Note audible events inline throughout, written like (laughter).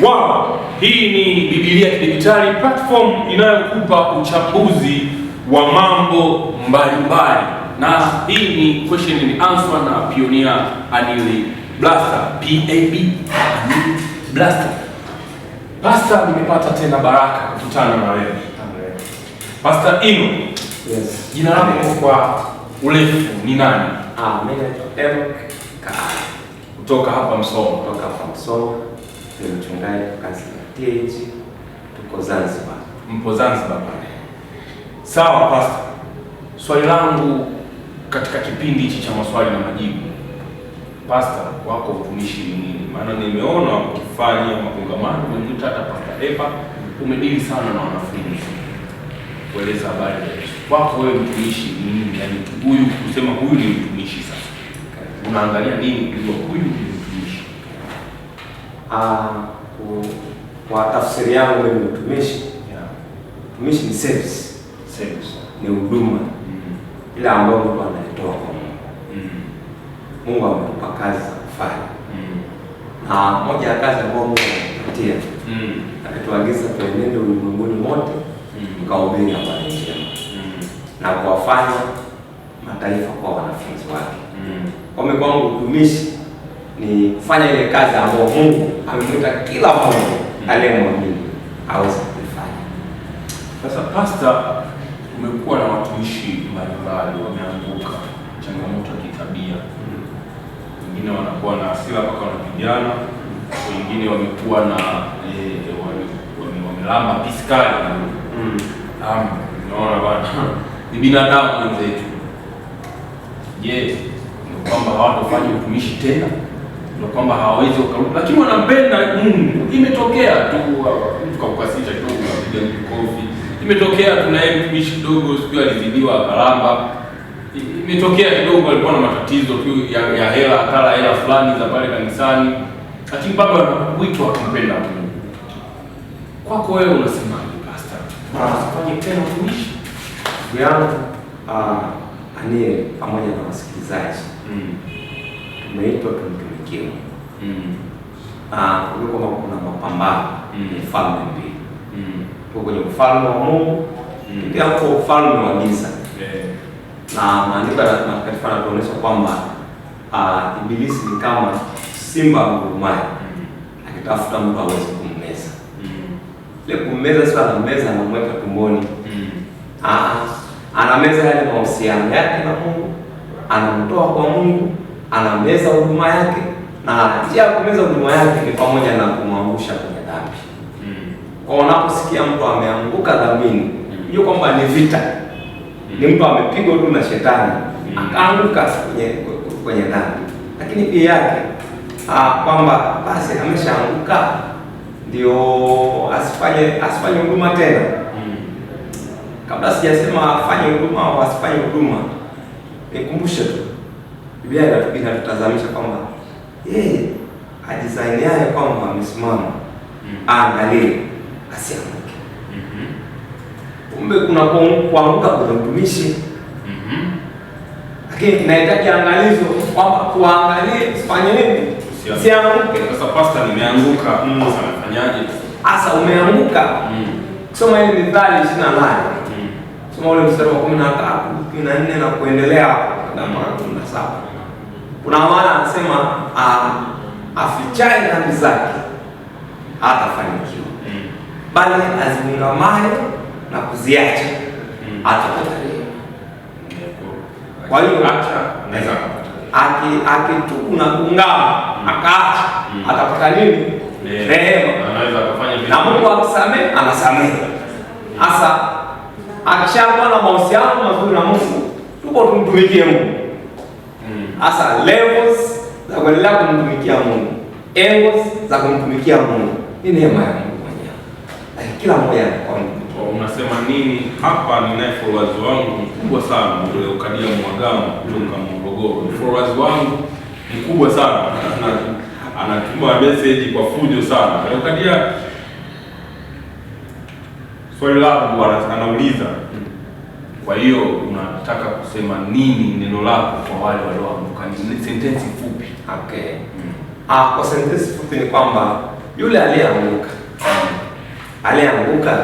Wow, hii ni Biblia Kidijitali, platform inayokupa uchambuzi wa mambo mbalimbali, na hii ni question and answer na pionia Anili Blaster PAB Blaster. Blaster, nimepata tena baraka kukutana na wewe Pastor Ino. Yes. Jina lako kwa urefu ni nani? Ah, mimi naitwa Enoch kutoka hapa msomo kutoka hapa msomo ni mchungaji kazi ya TAG, tuko Zanzibar. Mpo Zanzibar pale. Sawa pastor. swali langu katika kipindi hichi cha maswali na majibu, pasta wako utumishi ni nini? Maana nimeona ukifanya makongamano umemwita hata Pasta Eva, umedili sana na wanafunzi kueleza habari ya Yesu. Kwako wewe mtumishi ni nini? Yaani huyu kusema huyu ni mtumishi, sasa unaangalia nini kwa huyu Ah, kwa tafsiri yangu mimi ni mtumishi yeah. Mtumishi ni service, service ni huduma mm. ila ambayo mtu anaitoa kwa Mungu mm. Mungu amekupa kazi za kufanya mm. na moja ya kazi ambayo Mungu ametupatia mm. ametuagiza tuenende ulimwenguni mote mkahubiri mm. habari njema mm. na kuwafanya mataifa kwa wanafunzi wake mm. kwa mimi utumishi ni kufanya ile kazi ambayo Mungu amemwita kila mmoja aliyemwamini aweze kuifanya. Sasa Pastor, umekuwa na watumishi mbalimbali wameanguka changamoto ya kitabia, wengine wanakuwa na hasira mpaka wanapigana, wengine wamekuwa na eh, wamelamba piskali. Hmm. Naona bwana (laughs) ni binadamu wenzetu. Je, ni kwamba hawatofanya utumishi tena? na kwamba hawawezi wakarudi, lakini wanampenda Mungu. Imetokea tu mtu kakukasirisha kidogo, unapiga mtu kofi. Imetokea tunaye mtumishi kidogo, sijui alizidiwa akalamba. Imetokea kidogo, alikuwa na matatizo tu ya, ya hela, kala hela fulani za pale kanisani, lakini bado wito akampenda Mungu. Kwako wewe unasema pastor, tunafanya tena utumishi yangu uh, ah, anie pamoja na wasikilizaji mm. tumeitwa ukimwi mm. Ah, kwamba kuna mapambano mm. ya falme mbili mm. kwenye ufalme wa Mungu mm. pia kwa ufalme wa giza yeah. na maandiko ya matakatifu yanatuonyesha kwamba uh, Ibilisi ni kama simba ngurumaye mm. akitafuta mtu aweze kummeza mm. ile kummeza sio anameza, anamweka tumboni mm. uh, anameza yale mahusiano yake na Mungu, anamtoa kwa Mungu, anameza huduma yake na njia ya kumeza huduma yake ni pamoja na kumwangusha kwenye dhambi. Mm. Kwa unaposikia mtu ameanguka dhambini, mm. jua kwamba ni vita. Mm. Ni mtu amepigwa tu na shetani, mm. akaanguka kwenye kwenye dhambi. Lakini pia yake ah, kwamba basi ameshaanguka ndio asifanye asifanye huduma tena. Mm. Kabla sijasema afanye huduma au asifanye huduma, nikumbushe tu. Biblia inatutazamisha kwamba yeye ajisainiaye kwamba amesimama mm. aangalie asianguke. Kumbe kuna kuanguka kwenye utumishi, mm-hmm. lakini inahitaji angalizo kwamba kuangalie usifanye nini, usianguke. Sasa pasta, nimeanguka sasa, mm, nafanyaje? Sasa umeanguka, kusoma mm. ile Mithali ishirini na nane soma ule mstari wa kumi na tatu kumi na nne na kuendelea na na saba kuna maana anasema um, afichaye dhambi zake hatafanikiwa, mm. bali azungamaye na kuziacha mm. atapata Kwa hiyo eh, akitubu na mm. akaacha mm. atapata nini? Eh, rehema. Na Mungu akisamehe anasamehe. Sasa akishakuwa na mahusiano mazuri na Mungu, tuko tumtumikie Mungu hasa levels za kuendelea kumtumikia Mungu, angles za kumtumikia Mungu. Ni neema ya Mungu mwenyewe, lakini kila mmoja kwa unasema nini hapa. Ninaye followers wangu mkubwa sana yule ukadia Mwagama kutoka Morogoro, followers wangu mkubwa sana anatuma message kwa fujo sana. Ukadia swali langu anauliza, kwa hiyo una unataka kusema nini neno lako kwa wale walioanguka? Ni sentensi fupi. Okay. Mm. Ah, kwa sentensi fupi ni kwamba yule aliyeanguka mm. aliyeanguka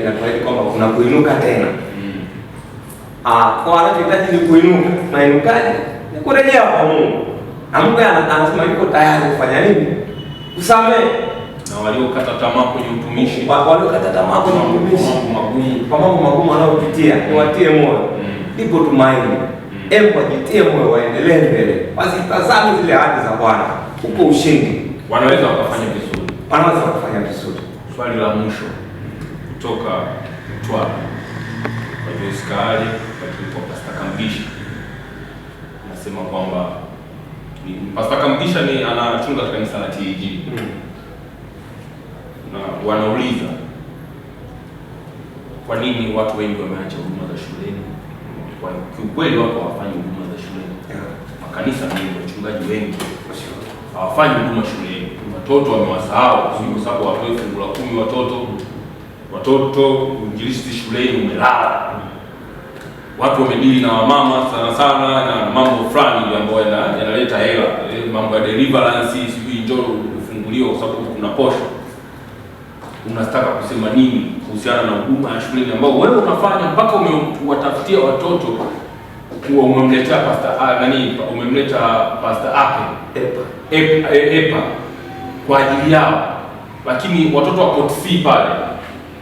inatuahidi kwamba kuna kuinuka tena. Mm. Ah, kwa anachohitaji ni kuinuka. Nainukaje? Ni kurejea kwa Mungu. Na Mungu anasema yuko tayari kufanya nini? Kusamehe na waliokata tamaa kwenye utumishi, waliokata tamaa kwenye utumishi kwa mambo magumu wanayopitia, niwatie moyo, mm. ipo tumaini. Mm. Hebu wajitie moyo, waendelee mbele, wasitazame zile ahadi za Bwana, huko ushindi, wanaweza wakafanya vizuri, wanaweza wakafanya vizuri. Swali la mwisho kutoka Mtwara kwa Joyce lakini kwa Pasta Kamgisha nasema kwamba Pasta Kambisha ni anachunga kanisa la TAG mm na wanauliza kwa nini watu wengi wameacha huduma za shuleni. Kwa kiukweli, wako hawafanyi huduma za shuleni, makanisa mengi, wachungaji wengi hawafanyi huduma shuleni. Watoto wamewasahau kwa sababu hawatoi fungu la kumi. Watoto watoto uinjilisti shuleni umelala. Watu wamedili na wamama sana sana na mambo fulani ambayo yanaleta hela, eh, mambo ya deliverance, sijui njoo ufunguliwa kwa sababu kuna posho unataka kusema nini kuhusiana na huduma ya shuleni ambao wewe unafanya mpaka umewatafutia watoto kuwa umemletea pasta nani, umemleta pasta ape epa eh, epa kwa ajili yao, lakini watoto wa fee pale,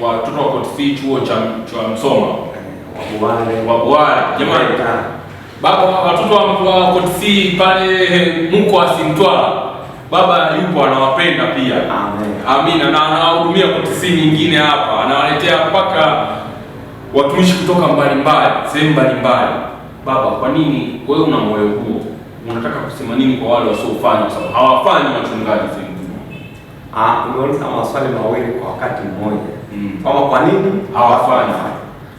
watoto wa fee chuo cha cha Msoma wabuware, jamani, baba watoto wa fee pale mko asimtwaa Baba yupo anawapenda pia. Amina, na anawahudumia kwa tisini nyingine hapa, anawaletea mpaka watumishi kutoka mbalimbali sehemu mbalimbali. Baba, kwa nini wewe una moyo huo? Unataka kusema nini kwa wale wasiofanya, kwa sababu hawafanyi wachungaji sehemu? Ah, umeuliza maswali mawili kwa wakati mmoja, mm. Kama kwa nini hawafanyi,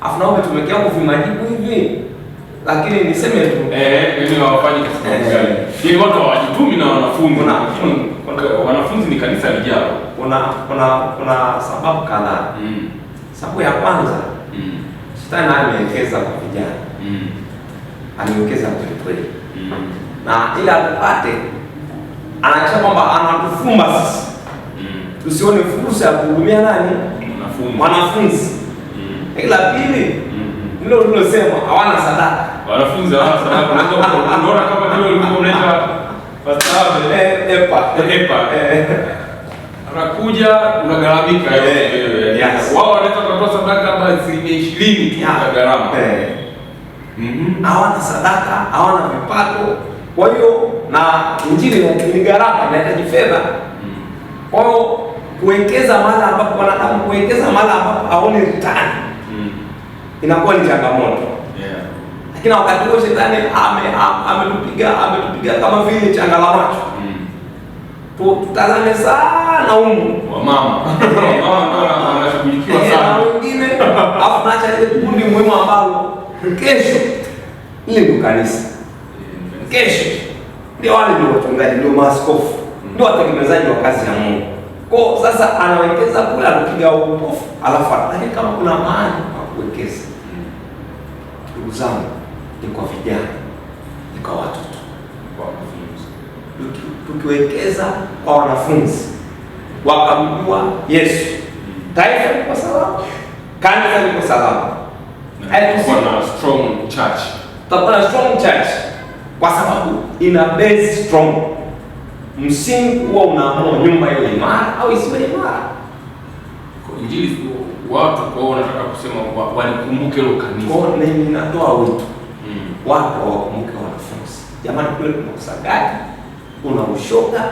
afu naomba tumekia kuvimajibu hivi lakini niseme tu eh, hawafanyi kwa sababu eh. gani? Ni watu hawajitumi na wanafunzi Kuna wanafunzi ni kanisa lijao. Kuna kuna kuna sababu kadhaa. Mm. Sababu ya kwanza, mm. Shetani amewekeza kwa vijana. Mm. Aliwekeza kwa kweli. Mm. Na ili atupate anaacha kwamba anatufumba sisi. Mm. Tusione fursa ya kuhudumia nani? Wanafunzi. Wanafunzi. Mm. Ila pili, mm. Ndio nilosema hawana sadaka wanafunzi hawana sababu. Unaona kama vile ulikuwa unaita eh epa epa, eh unakuja unagaramika wewe. Wao wanaweza kutoa sadaka kama 20% ishirini tu ya gharama, hawana sadaka, hawana vipato. Kwa hiyo na injili ni gharama, inahitaji fedha. Kwa hiyo kuwekeza mara ambapo wanadamu kuwekeza mara ambapo haoni return inakuwa ni changamoto. Lakini wakati huo shetani ametupiga ame ametupiga kama vile changa la macho. Hmm. Tutazame sana umu wa (laughs) Wengine afu naacha ile kundi muhimu ambalo kesho ile ndio kanisa. Kesho ndio wale ndio wachungaji ndio maaskofu hmm. ndio watengenezaji wa kazi ya Mungu. Kwa sasa anawekeza kule anapiga upofu alafu lakini kama kuna maana pa kuwekeza. Hmm. Ndugu zangu ni kwa vijana, ni kwa watoto, kwa wanafunzi. Tukiwekeza kwa wanafunzi wakamjua Yesu, taifa liko salama, kanisa liko salama, tutakuwa na strong church kwa sababu ina base strong. Msingi huwa unaamua nyumba ile imara au isiwe imara. Injili watu kwao wanataka kusema walikumbuke hilo kanisa. Kwa nini ninatoa wito watu hawakumbuke wanafunzi. Jamani, kule kuna usagaji, kuna ushoga,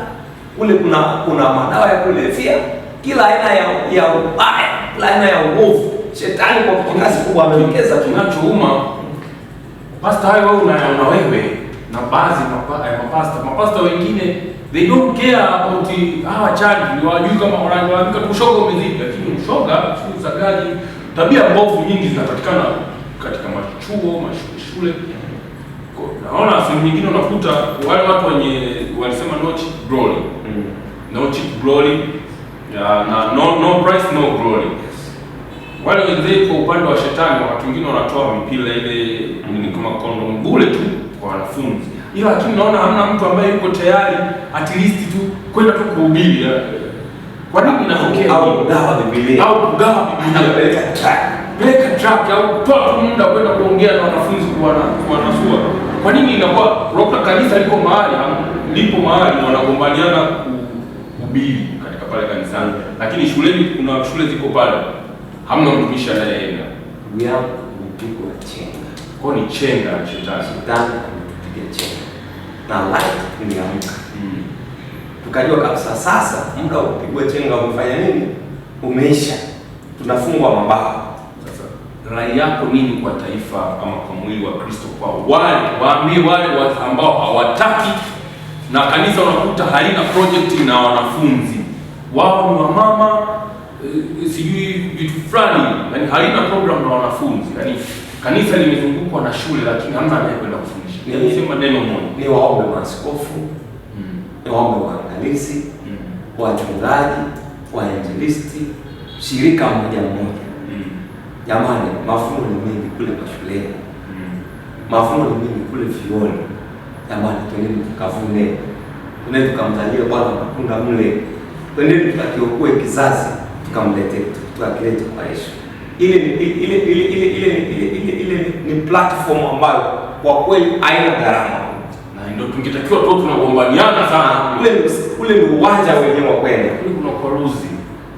kule kuna kuna madawa ya kulevya, kila aina ya ya ubaya, kila aina ya uovu. Shetani kwa kiasi kubwa amewekeza Tunachouma Pasta hayo wewe unayaona wewe na baadhi ya mapasta mapasta wengine they don't care about hawa chaji, ni wajui kama wanajua kushoga umezidi, lakini ushoga, usagaji, tabia mbovu nyingi zinapatikana katika machuo mashule Naona sehemu nyingine unakuta wale watu wenye walisema no cheap glory. Mm. No cheap glory na no no price no glory. yes. Wale wenzake kwa upande wa shetani wakati wengine wanatoa mipira ile ni kama kondom bure tu kwa wanafunzi. Ila lakini naona hamna mtu ambaye yuko tayari at least tu kwenda tu kuhubiri. Kwa nini inatokea au dawa kugawa Biblia? Au kugawa Biblia peleka track. Peleka track au toa muda kwenda kuongea na wanafunzi kwa wanasua. Kwa nini inakuwa roka kanisa liko mahali lipo mahali wanagombaniana kuhubiri katika pale kanisani, lakini shuleni kuna shule ziko pale, hamna mtumishi anayeenda. Ndugu yangu mpigwa chenga kwa ni chenga na shetani, shetani ametupiga chenga na light tuliamka mm. tukajua kabisa sasa muda wa kupigwa chenga umefanya nini, umeisha, tunafungwa mabao rai yako nini kwa taifa ama kwa mwili wa Kristo, kwa wale waambie wale ambao hawataki, na kanisa unakuta halina project na wanafunzi wao ni wamama e, eh, sijui vitu fulani, yani halina program na wanafunzi, yani kanisa limezungukwa na shule lakini hamna anayekwenda kufundisha. Nisema yaani neno moja, ni waombe maaskofu, mm. ni waombe waangalizi, mm. wachungaji, wainjilisti, shirika mmoja mmoja Jamani, mafumo ni mengi kule mashuleni, mafumo mm. ni mengi kule vioni. Jamani, twendeni tukavune, twendeni tukamtajie Bwana matunda mle, twendeni tukakiokoe kizazi, tukamlete tukakilete kwa Yesu. Ile ile ile ni platform ambayo kwa kweli haina gharama, na ndio tungetakiwa tu tunagombaniana sana. Ule ule ni uwanja wenyewe wa kwenda, kuna kwaruzi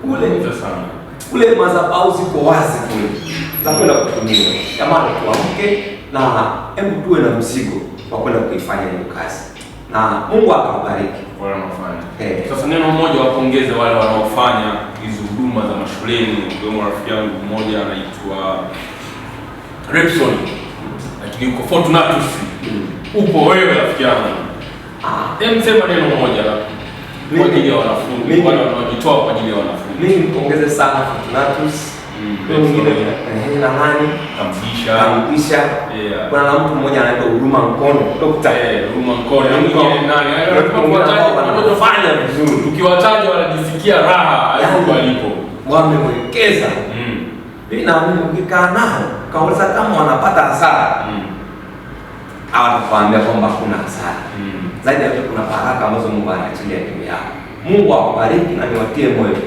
ni sana kule madhabahu ziko wazi kule za kwenda kutumia. Jamani, tuamke na hebu tuwe na mzigo wa kwenda kuifanya hiyo kazi, na Mungu akawabariki wanaofanya hey. Eh. Sasa neno moja wapongeze wale wanaofanya hizo huduma za mashuleni, ikiwemo rafiki yangu mmoja anaitwa Repson, lakini uko Fortunatus, hmm. upo wewe rafiki yangu, ah. Hem, sema neno moja kwa ajili ya wanafunzi wale wanaojitoa kwa ajili ya wanafunzi mimi nimpongeze sana Fortunatus mm, mwingine eh, nani kampisha. Kuna na mtu mmoja anaitwa Huruma Mkono, Dokta Huruma eh, Mkono, yaani nani yaani fanya vizuri, ukiwataja wanajisikia raha alipo yaani, alipo, wamewekeza. Mm. Mimi na mimi ukikaa nao kaweza, kama wanapata hasara mm. hawatakuambia kwamba kuna hasara. Zaidi ya kuna baraka ambazo Mungu anaachilia juu yao. Mungu awabariki na niwatie moyo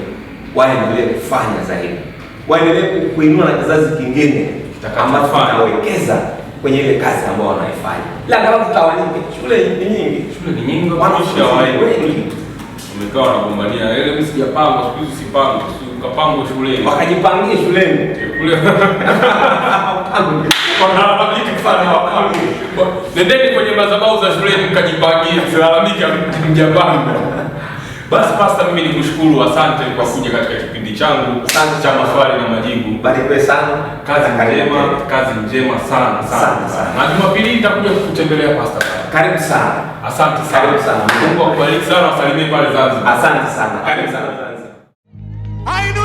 waendelee kufanya zaidi, waendelee kuinua na kizazi kingine ambacho kitawekeza kwenye ile kazi ambayo wanaifanya, labda watu tawalipe. Shule ni nyingi, shule ni nyingi, wanafunzi wengi wamekaa wanagombania, ile ya pango, siku hizi sipangwa, ukapangwa shuleni, wakajipangia shuleni kule, wakaharakisha nendeni kwenye madhabahu za shuleni, mkajipangia, msilalamike mjapanga basi Pasta, mimi nikushukuru, asante kwa kuja katika kipindi changu asante cha maswali na majibu. Barikiwe sana, kazi njema, kazi njema sana sana sana, na Jumapili nitakuja kukutembelea Pasta. Karibu sana, asante sana, karibu sana. Mungu akubariki sana, wasalimie pale Zanzibar. Asante sana, karibu sana Zanzibar.